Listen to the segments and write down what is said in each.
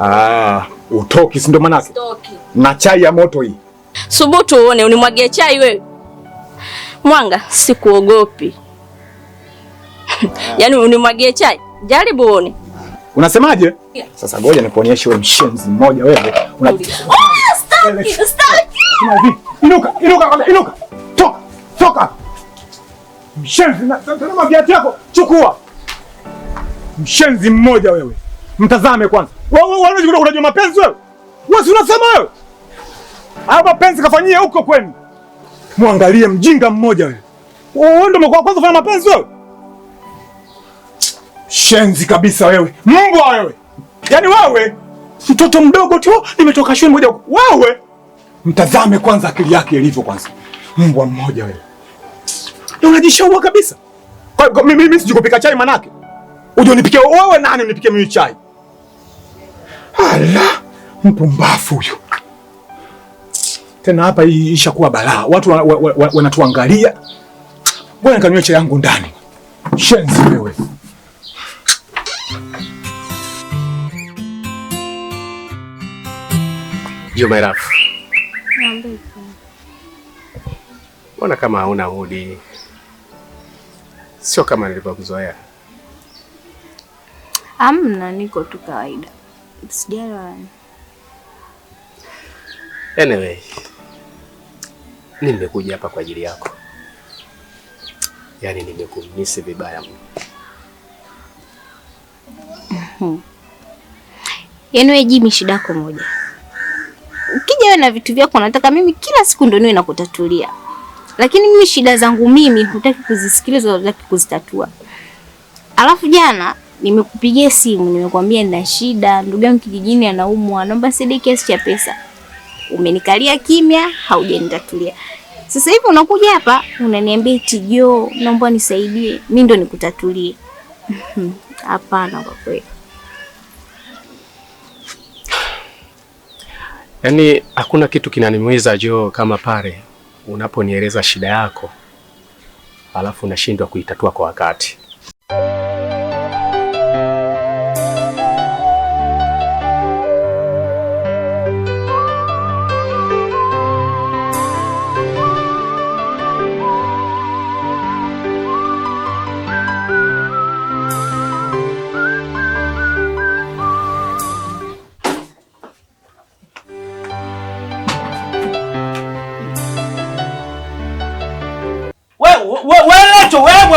Ah, utoki si ndo manake? Utoki. Na chai ya moto hii. Subutu uone unimwagie chai wewe. Mwanga sikuogopi. Ah. Yaani unimwagie chai. Jaribu uone. Unasemaje? Yeah. Sasa ngoja nikuonyeshe wewe mshenzi mmoja wewe. Una... Oh, staki, staki. Inuka, inuka, inuka. Toka, toka. Mshenzi na tazama viatu yako, chukua. Mshenzi mmoja wewe. Mtazame kwanza. Wewe unajua mapenzi wewe? Wewe unasema wewe? mapenzi kafanyia huko kwenu. Muangalie mjinga mmoja wewe. Wewe ndio kwanza mapenzi wewe? Shenzi kabisa wewe. Mbwa wewe. Yaani wewe mtoto mdogo tu nimetoka shule moja huko. Wewe mtazame kwanza akili yake ilivyo kwanza. Mbwa mmoja wewe. Unajishaua kabisa. Kwa mimi mimi sijikupika chai manake. wewe nani mimi chai? Ala, mpumbafu huyu tena. Hapa hii ishakuwa balaa, watu wanatuangalia wa, wa, wa, bwana. yangu ndani. Shenzi wewe. Juma mbona kama hauna mudi? Sio kama nilivyokuzoea. Amna, niko tu kawaida. Sijala. Anyway, nimekuja hapa kwa ajili yako, yaani nimekumisi vibaya mno. mm Yaani wewe Jimmy, shida yako moja, ukija wewe na vitu vyako unataka mimi kila siku ndio niwe nakutatulia, lakini mimi shida zangu mimi hutaki kuzisikiliza, hutaki kuzitatua. Alafu jana Nimekupigia simu nimekuambia nina shida, ndugu yangu kijijini anaumwa, naomba sidi kiasi cha pesa. Umenikalia kimya, haujanitatulia. Sasa hivi unakuja hapa unaniambia eti Jo, naomba nisaidie, mi ndo nikutatulie? Hapana. kwa kweli, yaani hakuna kitu kinanimwiza Jo kama pale unaponieleza shida yako alafu unashindwa kuitatua kwa wakati.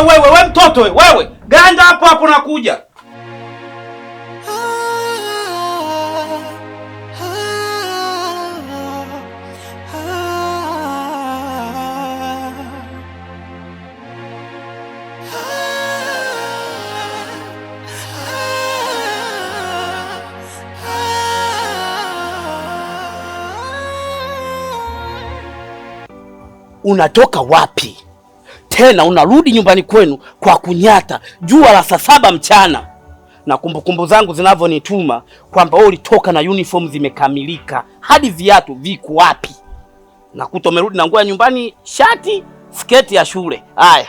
wewe wewe we mtoto wewe wewe ganda hapo hapo nakuja. Unatoka wapi? tena unarudi nyumbani kwenu kwa kunyata jua la saa saba mchana, na kumbukumbu zangu zinavyonituma kwamba wewe ulitoka na uniform zimekamilika hadi viatu viko wapi? Nakuta umerudi na nguo ya nyumbani, shati, sketi ya shule. Haya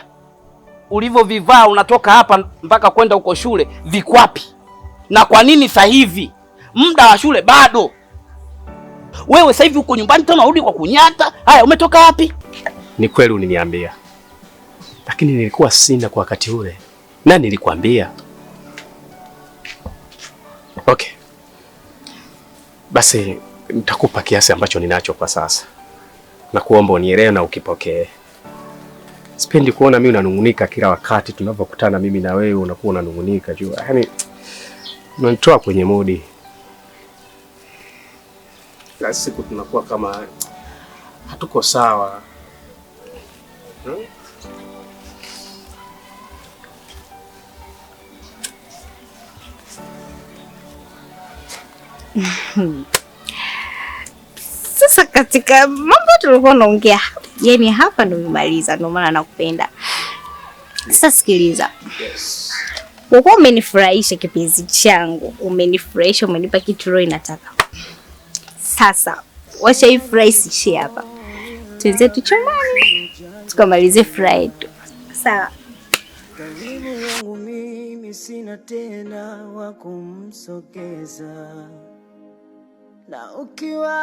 ulivyovivaa unatoka hapa mpaka kwenda huko shule viko wapi? Na kwa nini sasa hivi muda wa shule bado? Wewe sasa hivi uko nyumbani tena unarudi kwa kunyata. Haya, umetoka wapi? Ni kweli uniniambia lakini nilikuwa sina kwa wakati ule, na nilikwambia okay. Basi nitakupa kiasi ambacho ninacho kwa sasa, na kuomba unielewe na ukipokee. Sipendi kuona mimi unanungunika kila wakati tunapokutana, mimi na wewe unakuwa unanungunika juu, yaani unanitoa kwenye modi kila siku, tunakuwa kama hatuko sawa hmm? Sasa katika mambo tulikuwa naongea, yani hapa ndo nimemaliza, ndio maana nakupenda. Sasa sikiliza, yes. Wakuwa umenifurahisha kipenzi changu, umenifurahisha, umenipa kitu roho inataka. Sasa wacha hii furaha isiishie hapa, tuenze tuchomani, tukamalize furaha yetu, sawa? Karibu yangu mimi sina tena wa kumsogeza na ukiwa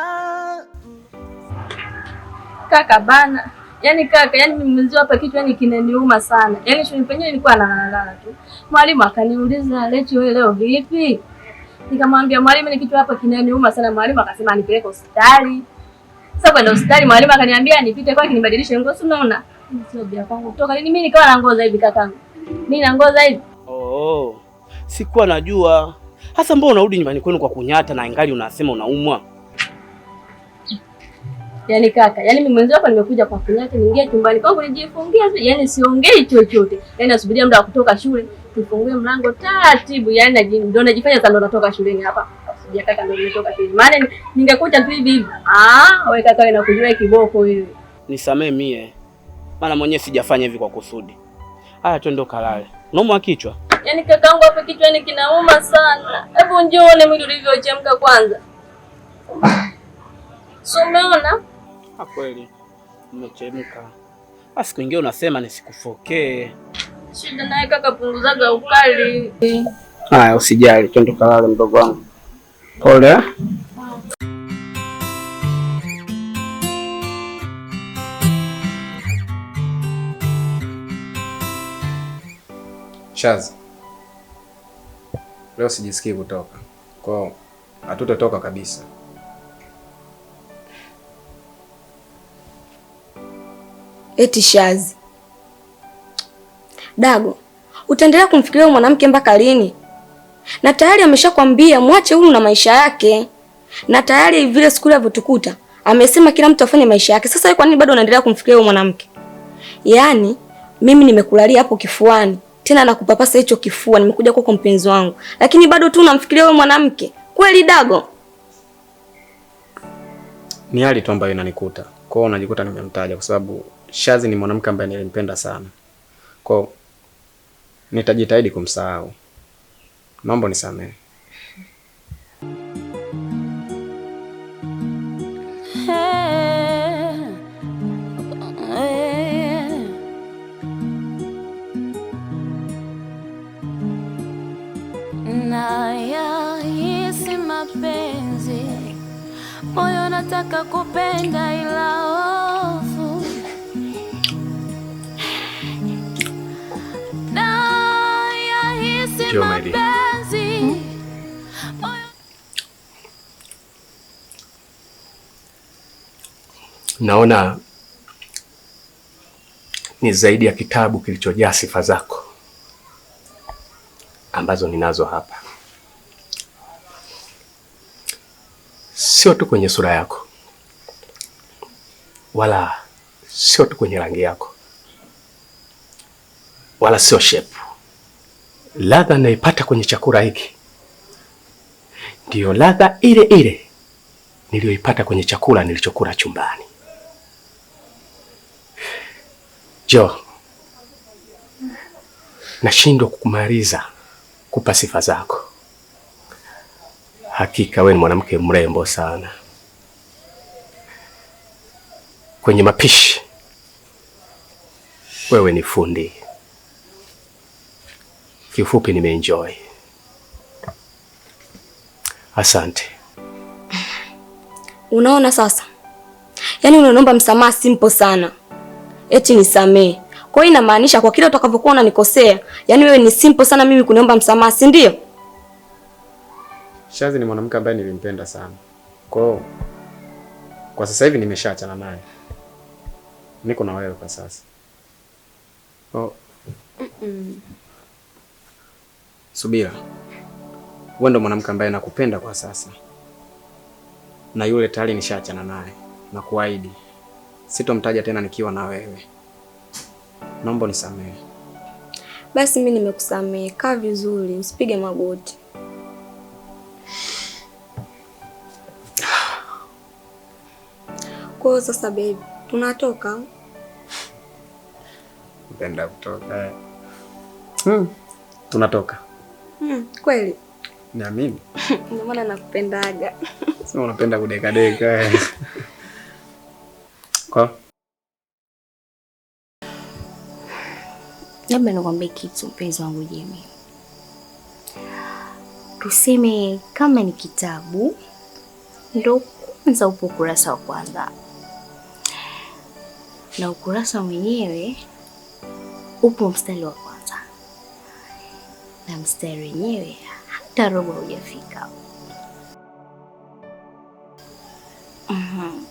kaka bana. Yani kaka, yani mimezio hapa kichwa yani kinaniuma sana. Yani shule penyewe nilikuwa nalalala tu, mwalimu akaniuliza Lechi, wewe leo vipi? Nikamwambia mwalimu, ni kichwa hapa kinaniuma sana. Mwalimu akasema nipeleke hospitali. Sasa kwenda hospitali, mwalimu akaniambia nipite kwake nibadilishe nguo, si unaona sio bia kwangu kutoka nini, yaani mimi nikawa na ngoza hivi kakangu, mimi na ngoza hivi. Oh, oh, sikuwa najua Hasa mbona unarudi nyumbani kwenu kwa kunyata na ingali unasema unaumwa? Yaani kaka, yaani mimi mwenzi hapa nimekuja kwa kunyata, niingie chumbani kwangu nijifungia tu, yaani siongei chochote. Yaani nasubiria muda wa kutoka shule, nifungue mlango taratibu, yaani ndio najifanya kama ndo natoka shuleni hapa. Sija kaka ndio nimetoka shule. Maana ningekuta tu hivi hivi. Ah, wewe kaka wewe nakujua kiboko wewe. Nisamee mie. Maana mwenyewe sijafanya hivi kwa kusudi. Haya, twende kalale. Unaumwa kichwa? Yaani kakaangu hapa kichwani kinauma sana. Hebu njoo uone mwili ulivyochemka kwanza. Si umeona? Ah, kweli umechemka. Siku ingine unasema nisikufokee. Shida naye kaka, punguzaga ukali. Haya, usijali, twende kalale mdogo wangu. Pole. Chazi, eh? leo sijisikii kutoka kwao, hatutatoka kabisa. Eti Shazi Dago, utaendelea kumfikiria mwanamke mpaka lini? Na tayari ameshakwambia mwache huyu na maisha yake, na tayari vile siku ile alivyotukuta amesema kila mtu afanye maisha yake. Sasa kwa nini bado unaendelea kumfikiria huyu mwanamke? Yaani mimi nimekulalia hapo kifuani tena nakupapasa hicho kifua, nimekuja kwa mpenzi wangu, lakini bado tu unamfikiria wewe mwanamke kweli? Dago, ni hali tu ambayo inanikuta. Kwa hiyo unajikuta nimemtaja, kwa sababu Shazi ni mwanamke ambaye nilimpenda sana, kwa hiyo nitajitahidi kumsahau. Mambo nisamehe. nataka kupenda ila hofu na yahisi mapenzi. Hmm? Naona ni zaidi ya kitabu kilichojaa sifa zako ambazo ninazo hapa. sio tu kwenye sura yako, wala sio tu kwenye rangi yako, wala sio shepu. Ladha naipata kwenye chakula hiki ndiyo ladha ile ile niliyoipata kwenye chakula nilichokula chumbani. Jo, nashindwa kukumaliza kupa sifa zako. Hakika wewe ni mwanamke mrembo sana. Kwenye mapishi wewe ni fundi. Kifupi nimeenjoy. Asante. Unaona sasa, yaani unaomba msamaha simple sana, eti nisamee. Kwa hiyo inamaanisha kwa kile utakavyokuwa unanikosea, yaani wewe ni simple sana mimi kuniomba msamaha, si ndio? Shazi ni mwanamke ambaye nilimpenda sana. Kwa hiyo kwa sasa hivi nimeshaachana naye, niko na wewe kwa sasa. Oh. Mm -mm. Subira, wewe ndo mwanamke ambaye nakupenda kwa sasa, na yule tayari nishaachana naye na kuahidi sitomtaja tena nikiwa na wewe. Naomba nisamehe. Basi mimi nimekusamehe, kaa vizuri, usipige magoti. Kwa hiyo sasa, baby, tunatoka mpenda kutoka hmm. Tunatoka hmm, kweli na mimi ndio maana nakupendaga. Sio unapenda kudekadeka kwa labda nikwambie kitu mpenzi wangu Jimmy tuseme kama ni kitabu ndo kwanza upo ukurasa wa kwanza, na ukurasa mwenyewe upo mstari wa kwanza, na mstari wenyewe hata robo hujafika. Mm-hmm.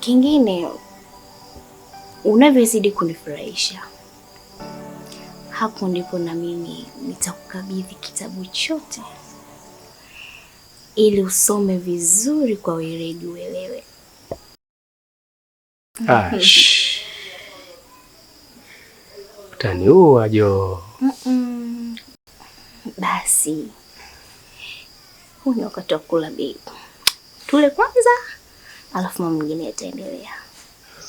Kingine unavyozidi kunifurahisha hapo ndipo na mimi nitakukabidhi kitabu chote ili usome vizuri kwa weledi uelewe. Ah, Utaniua Jo. mm -mm. Basi huu ni wakati wa kula bebi, tule kwanza, alafu mama mwingine ataendelea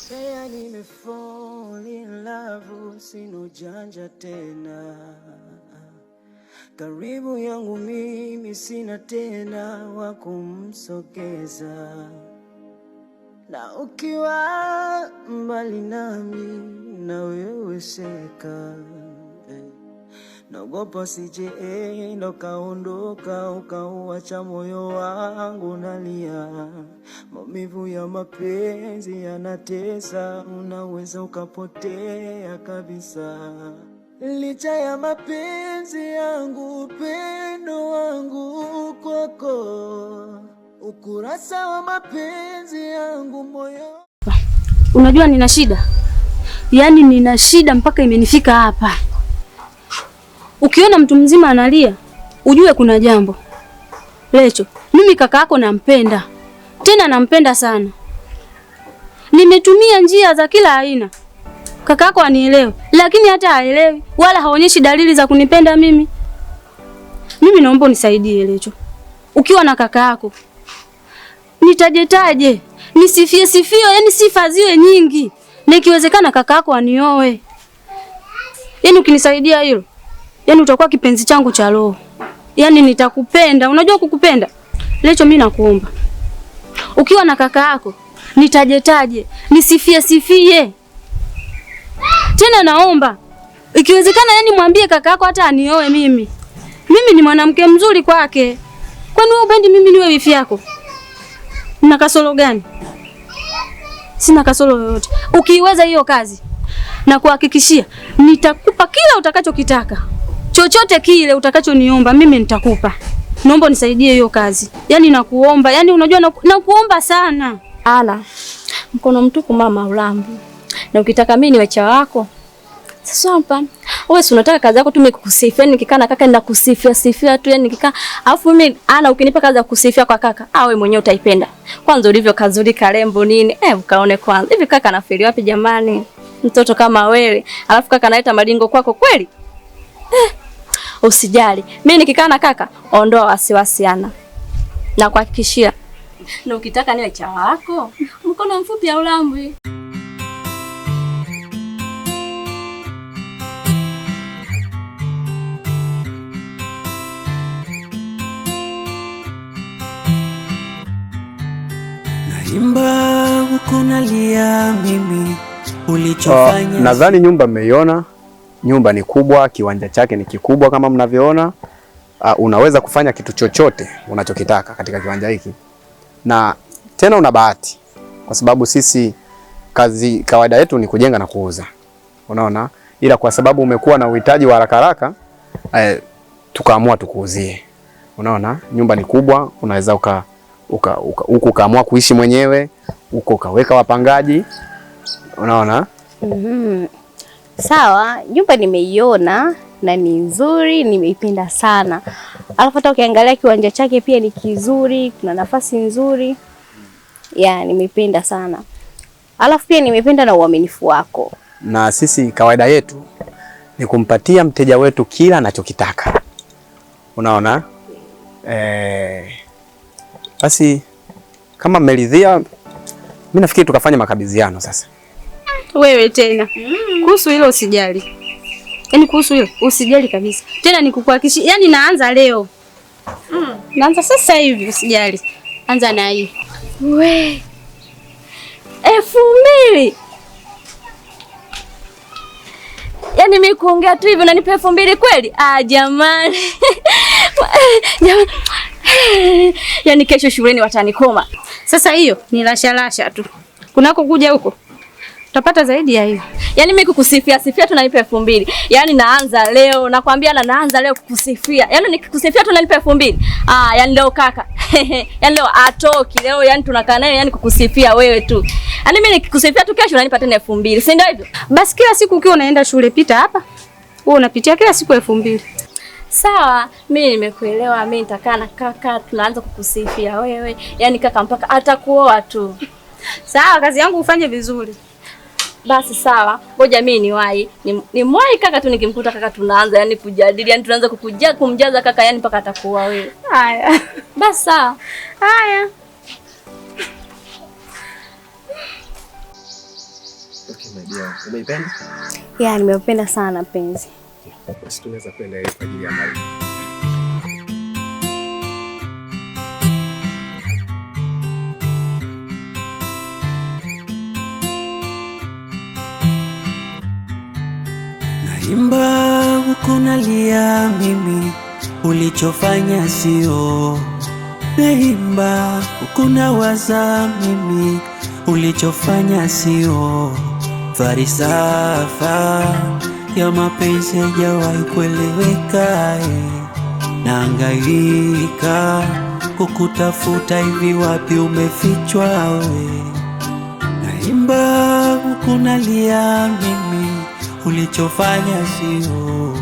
Seya, nimefall in love, sino janja tena, karibu yangu mimi sina tena wa kumsogeza, na ukiwa mbali nami na wewe seka sije eh, ndo kaondoka ukauacha moyo wangu nalia. Maumivu ya mapenzi yanatesa, unaweza ukapotea kabisa. Licha ya mapenzi yangu, upendo wangu kwako, ukurasa wa mapenzi yangu moyo. Unajua nina shida, yaani nina shida mpaka imenifika hapa. Ukiona mtu mzima analia, ujue kuna jambo. Lecho, mimi kaka yako nampenda, tena nampenda sana. Nimetumia njia za kila aina, kaka yako anielewe, lakini hata haelewi wala haonyeshi dalili za kunipenda mimi. Mimi naomba unisaidie Lecho, ukiwa na kaka yako nitajetaje, nisifie sifio, yani sifa ziwe nyingi, na ikiwezekana kaka yako anioe. Yani ukinisaidia hilo yani utakuwa kipenzi changu cha roho, yani nitakupenda. Unajua kukupenda Lecho, mimi nakuomba ukiwa na kaka yako nitajetaje, nisifie sifie tena. Naomba ikiwezekana, yani mwambie kaka yako hata anioe mimi. Mimi ni mwanamke mzuri kwake. Kwani wewe upendi mimi niwe wifi yako? Nina kasoro gani? Sina kasoro yoyote. Ukiweza hiyo kazi, na kuhakikishia nitakupa kila utakachokitaka chochote kile utakachoniomba mimi nitakupa. Naomba unisaidie hiyo kazi, yaani nakuomba, yaani unajua nakuomba sana. Ala, mkono mtupu mama ulambi. na ukitaka mimi niwe cha wako sasa hapa wewe si unataka kazi yako tu mimi kukusifia, yaani nikikaa na kaka ninakusifia sifia tu, yani nikikaa, alafu mimi ana ukinipa kazi ya kusifia kwa kaka, ah, wewe mwenyewe utaipenda. Kwanza ulivyo kazuri karembo nini, eh, ukaone kwanza hivi kaka anafeli wapi jamani, mtoto kama wewe, alafu kaka analeta malingo kwako kweli eh usijali. Mimi nikikaa na kaka, ondoa wasiwasi ana. kuhakikishia, Na ukitaka niwe cha wako, mkono mfupi haulambwi. Naimba huko nalia mimi ah, ulichofanya. nadhani nyumba mmeiona nyumba ni kubwa, kiwanja chake ni kikubwa kama mnavyoona. Uh, unaweza kufanya kitu chochote unachokitaka katika kiwanja hiki, na tena una bahati kwa sababu sisi kazi kawaida yetu ni kujenga na kuuza, unaona, ila kwa sababu umekuwa na uhitaji wa haraka haraka eh, tukaamua tukuuzie. Unaona, nyumba ni kubwa, unaweza uka huko ukaamua kuishi mwenyewe, huko ukaweka wapangaji, unaona mm -hmm. Sawa, nyumba nimeiona na ni nzuri, nimeipenda sana. Alafu hata ukiangalia kiwanja chake pia ni kizuri, kuna nafasi nzuri ya, nimeipenda sana. Alafu pia nimependa na uaminifu wako. Na sisi kawaida yetu ni kumpatia mteja wetu kila anachokitaka, unaona eh. Basi kama mmeridhia, mimi nafikiri tukafanya makabidhiano sasa. Wewe tena mm kuhusu hilo usijali, yaani kuhusu hilo usijali kabisa. Tena nikukuhakikishia, yaani naanza leo mm. Naanza sasa hivi, usijali. Anza na hii we elfu mbili Yaani mimi kuongea tu hivi unanipa elfu mbili kweli? Ah, jamani jamani, yaani kesho shuleni watanikoma. Sasa hiyo ni lashalasha tu kunako kuja huko Utapata zaidi ya hiyo. Yaani mimi kukusifia sifia tunalipa elfu mbili. Yaani naanza leo nakwambia na naanza leo kukusifia. Yaani nikikusifia tunalipa elfu mbili. Ah, yaani leo kaka. yaani leo atoki leo yaani tunakaa naye yaani kukusifia wewe tu. Yaani mimi nikikusifia tu kesho unanipa tena elfu mbili. Si ndio hivyo? Bas kila siku ukiwa unaenda shule pita hapa. Wewe unapitia kila siku elfu mbili. Sawa, mimi nimekuelewa. Mimi nitakaa na kaka tunaanza kukusifia wewe. Yaani kaka mpaka atakuoa tu. Sawa, kazi yangu ufanye vizuri. Basi sawa, ngoja mimi niwahi. Nimwahi kaka tu, nikimkuta kaka tunaanza yani kujadili, yani tunaanza kukuja kumjaza kaka yani mpaka atakuwa wewe. Haya. Basi sawa. Haya. Okay, my dear. Umeipenda? Yeah, nimeupenda sana penzi. Basi tunaweza kwenda ile kwa ajili ya mali. imba uko nalia, mimi ulichofanya sio. naimba uko nawaza, mimi ulichofanya sio. farisafa ya mapenzi hajawahi kueleweka, naangaika kukutafuta, hivi wapi umefichwa we? Naimba uko nalia, mimi ulichofanya sio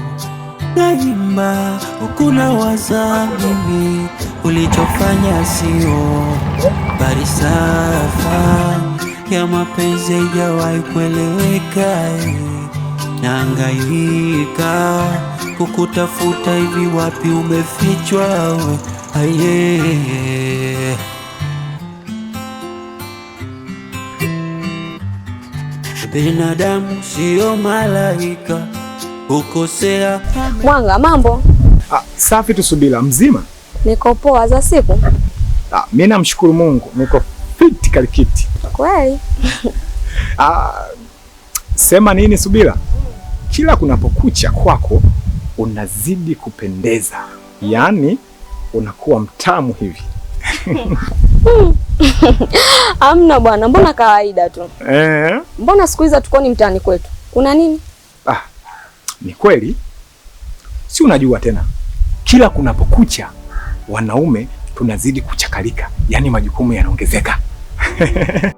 daima, ukuna waza mimi ulichofanya sio bari. Safa ya mapenzi haijawahi kueleweka, naangaika kukutafuta hivi, wapi umefichwa we? Aye. Binadamu sio malaika, ukosea. Mwanga, mambo? Ah, safi tu Subila, mzima? Niko poa za siku. Ah, mimi namshukuru Mungu, niko fiti kalikiti. Kweli? Ah, sema nini Subila? Kila kunapokucha kwako unazidi kupendeza, yaani unakuwa mtamu hivi. Hmm. Amna bwana, mbona kawaida tu eh. Mbona siku hizi hatukoni mtaani kwetu, kuna nini? Ah, ni kweli, si unajua tena, kila kunapokucha wanaume tunazidi kuchakalika, yaani majukumu yanaongezeka.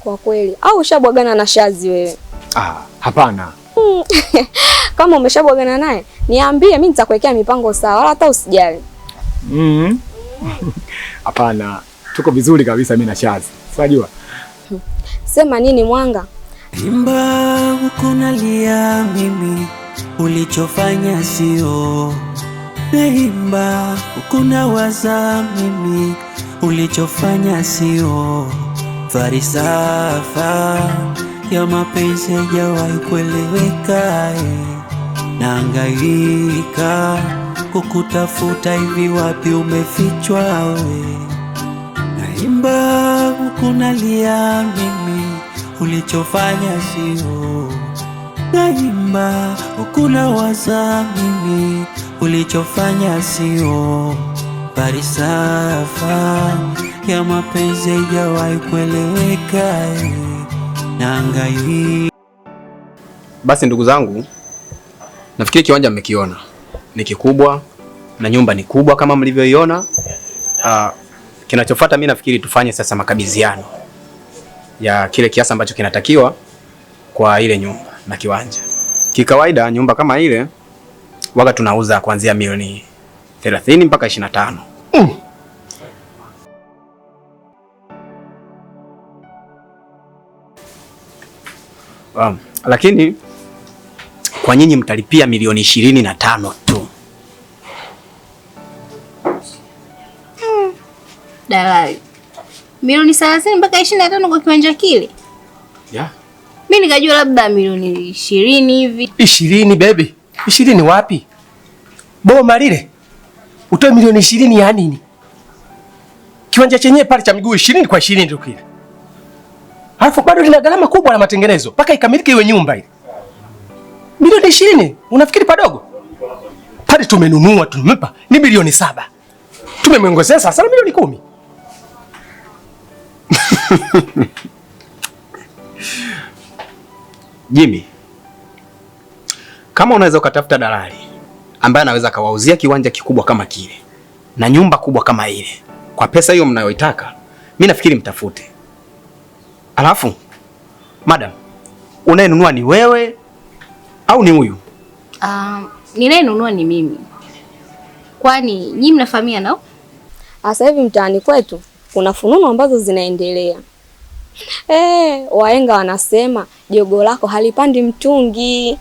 Kwa kweli, au ushabwagana na Shazi wewe? Ah, hapana. Hmm. Kama umeshabwagana naye niambie, mimi nitakuwekea mipango sawa, wala hata usijali. mm -hmm. Hapana, tuko vizuri kabisa mimi na Shazi. Unajua? Sema nini Mwanga? Imba uko nalia mimi ulichofanya sio. Naimba uko nawaza mimi ulichofanya sio. Farisafa ya mapenzi hajawahi kueleweka, eh. naangaika kukutafuta hivi, wapi umefichwa we? Naimba huku nalia mimi, ulichofanya sio. Naimba huku nawaza mimi, ulichofanya sio. Falsafa ya mapenzi haijawahi kueleweka nangai. Basi ndugu zangu, nafikiri kiwanja mmekiona ni kikubwa na nyumba ni kubwa kama mlivyoiona. Uh, kinachofuata mimi nafikiri tufanye sasa makabidhiano ya kile kiasi ambacho kinatakiwa kwa ile nyumba na kiwanja. Kikawaida nyumba kama ile waga tunauza kuanzia milioni 30 mpaka 25. Mm. Um, lakini kwa nyinyi mtalipia milioni ishirini na tano tu. Hmm. Dalali milioni thelathini mpaka ishirini na tano kwa kiwanja kile yeah. Mi nikajua labda milioni ishirini hivi. Ishirini bebi, ishirini wapi? Boma lile utoe milioni ishirini ya nini? Kiwanja chenyewe pale cha miguu ishirini kwa ishirini ndio kile, alafu bado lina gharama kubwa la matengenezo mpaka ikamilike iwe nyumba ile. Milioni ishirini unafikiri padogo? Pale tumenunua tumempa ni milioni saba, tumemwongezea sasa na milioni kumi. Jimmy, kama unaweza ukatafuta dalali ambaye anaweza akawauzia kiwanja kikubwa kama kile na nyumba kubwa kama ile kwa pesa hiyo mnayoitaka, mi nafikiri mtafute. Alafu madam, unayenunua ni wewe au ni huyu? Uh, ninayenunua ni mimi. Kwani nyinyi mnafahamia nao? Ah, sasa hivi mtaani kwetu kuna fununu ambazo zinaendelea. Eh, waenga wanasema jogo lako halipandi mtungi.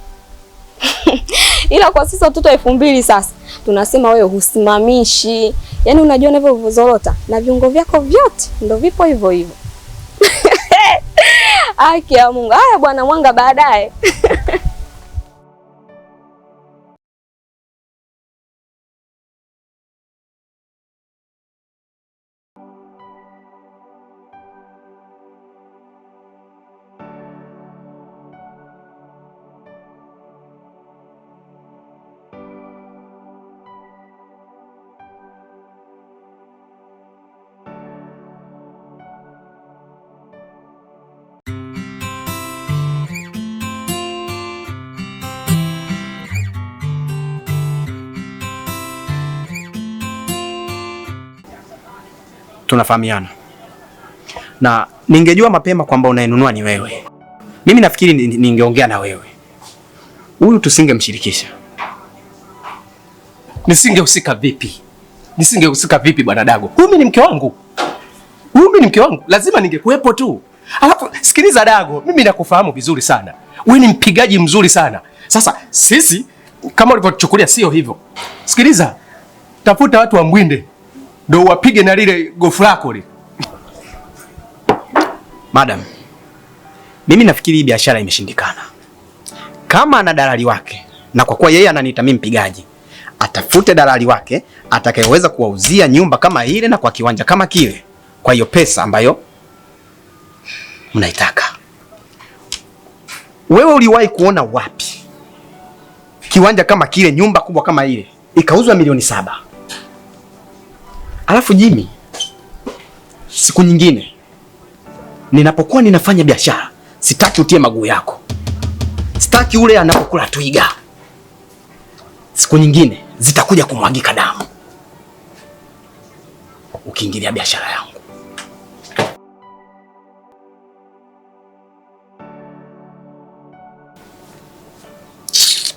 Ila kwa sisi watoto elfu mbili sasa tunasema wewe husimamishi, yaani unajua unavyozorota na viungo vyako vyote ndo vipo hivyo hivyo. Aki ya Mungu. Haya bwana Mwanga, baadaye tunafahamiana na ningejua mapema kwamba unayenunua ni wewe, mimi nafikiri ningeongea na wewe. Huyu tusingemshirikisha. Nisingehusika vipi? Nisingehusika vipi, bwana Dago? Huyu ni mke wangu, huyu ni mke wangu, lazima ningekuwepo tu. Alafu sikiliza Dago, mimi nakufahamu vizuri sana, wewe ni mpigaji mzuri sana. Sasa sisi kama ulivyotuchukulia, sio hivyo, sikiliza, tafuta watu wa Mbwinde ndo uwapige na lile gofu lako lile. Madam, mimi nafikiri biashara imeshindikana. Kama ana dalali wake, na kwa kuwa yeye ananiita mimi mpigaji, atafute dalali wake atakayeweza kuwauzia nyumba kama ile na kwa kiwanja kama kile, kwa hiyo pesa ambayo mnaitaka. Wewe uliwahi kuona wapi kiwanja kama kile, nyumba kubwa kama ile ikauzwa milioni saba? Alafu Jimmy, siku nyingine ninapokuwa ninafanya biashara, sitaki utie maguu yako, sitaki ule anapokula twiga. Siku nyingine zitakuja kumwagika damu ukiingilia biashara yangu.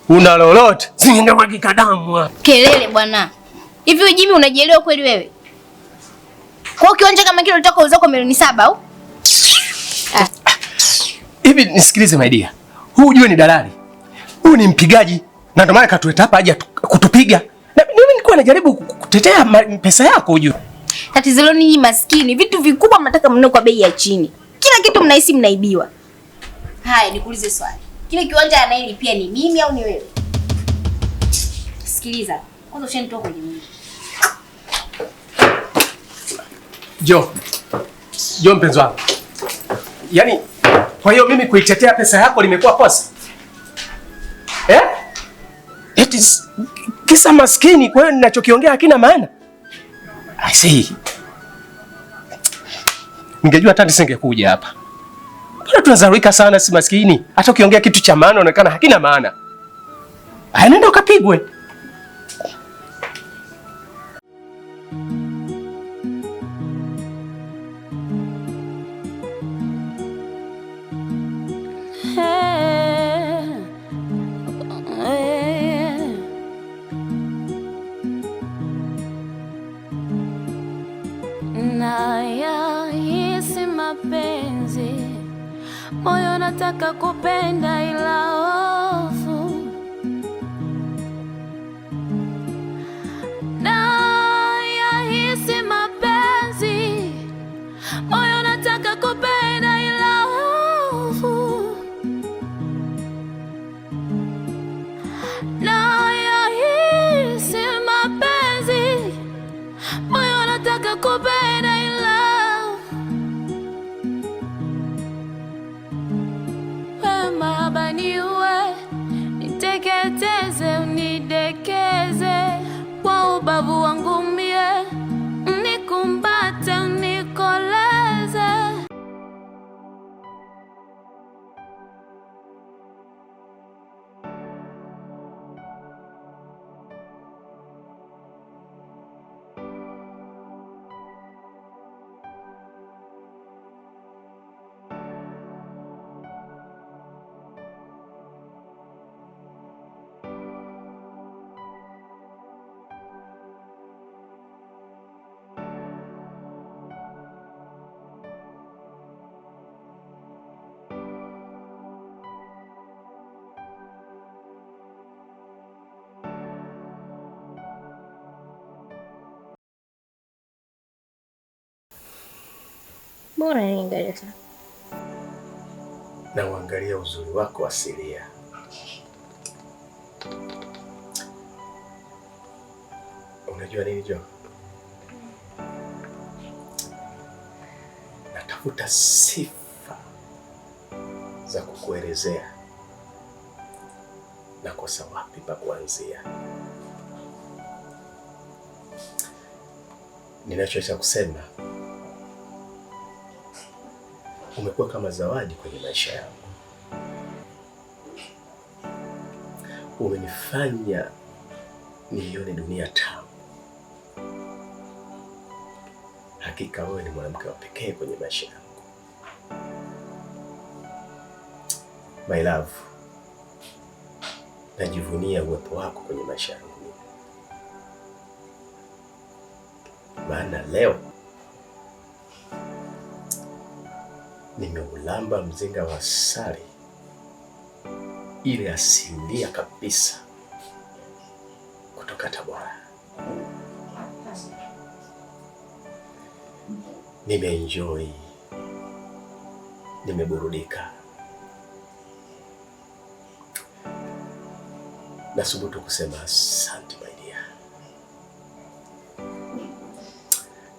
Una lolote? Zingemwagika damu. Kelele bwana! Hivi Jimmy, unajielewa kweli wewe? Kwa hiyo kiwanja kama kile ulitoka uzoko milioni saba au? Ah. Hivi nisikilize my dear. Huu ujue ni dalali. Huu ni mpigaji na ndio maana katuleta hapa aje kutupiga. Na mimi nilikuwa najaribu kutetea pesa yako ujue. Tatizo lenu ninyi maskini, vitu vikubwa mnataka mnunue kwa bei ya chini. Kila kitu mnahisi mnaibiwa. Haya, nikuulize swali. Kile kiwanja anayelipia ni mimi au ni wewe? Sikiliza. Kwanza ushenitoa kwenye Jo, jo mpenzi wangu, yaani kwa hiyo mimi kuitetea pesa yako limekuwa kosa eh? Eti kisa maskini, kwa hiyo ninachokiongea hakina maana? I see. Ningejua hata nisingekuja hapa. Bado tunazarika sana, si maskini. Hata ukiongea kitu cha maana, unaonekana hakina maana. Aya, nenda ukapigwe. nataka kupenda ila Mbona niangalia sana? Na uangalia uzuri wako asilia. Unajua nini Jo? Natafuta sifa za kukuelezea na kosa wapi pa kuanzia. Ninachoweza kusema umekuwa kama zawadi kwenye maisha yangu. Umenifanya nione dunia tamu. Hakika wewe ni mwanamke wa pekee kwenye maisha yangu. My love, najivunia uwepo wako kwenye maisha yangu, maana leo nimeulamba mzinga wa asali ile asilia kabisa kutoka Tabora. Nimeenjoy, nimeburudika. Nasubutu kusema asante my dear,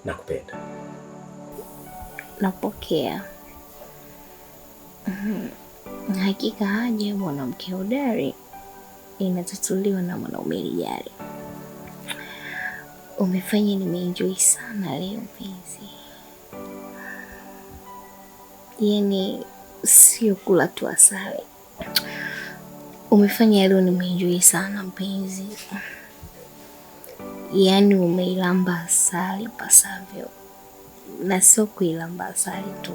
nakupenda. Napokea. Mm-hmm. Hakika haja mwanamke hodari inatatuliwa na mwanaume hodari. Umefanya nimeenjoy sana leo mpenzi, yaani sio kula tu asali. Umefanya leo nimeenjoy sana mpenzi, yaani umeilamba asali pasavyo, na sio kuilamba asali tu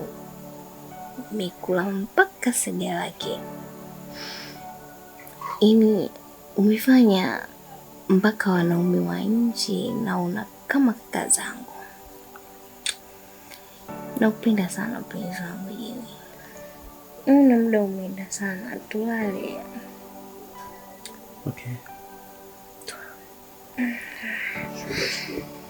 umekula mpaka sega lake, yani umefanya mpaka wanaume wa nje naona kama kaka zangu. Nakupenda sana mpenzi wangu Jini, Una muda umeenda sana, tulale. Okay.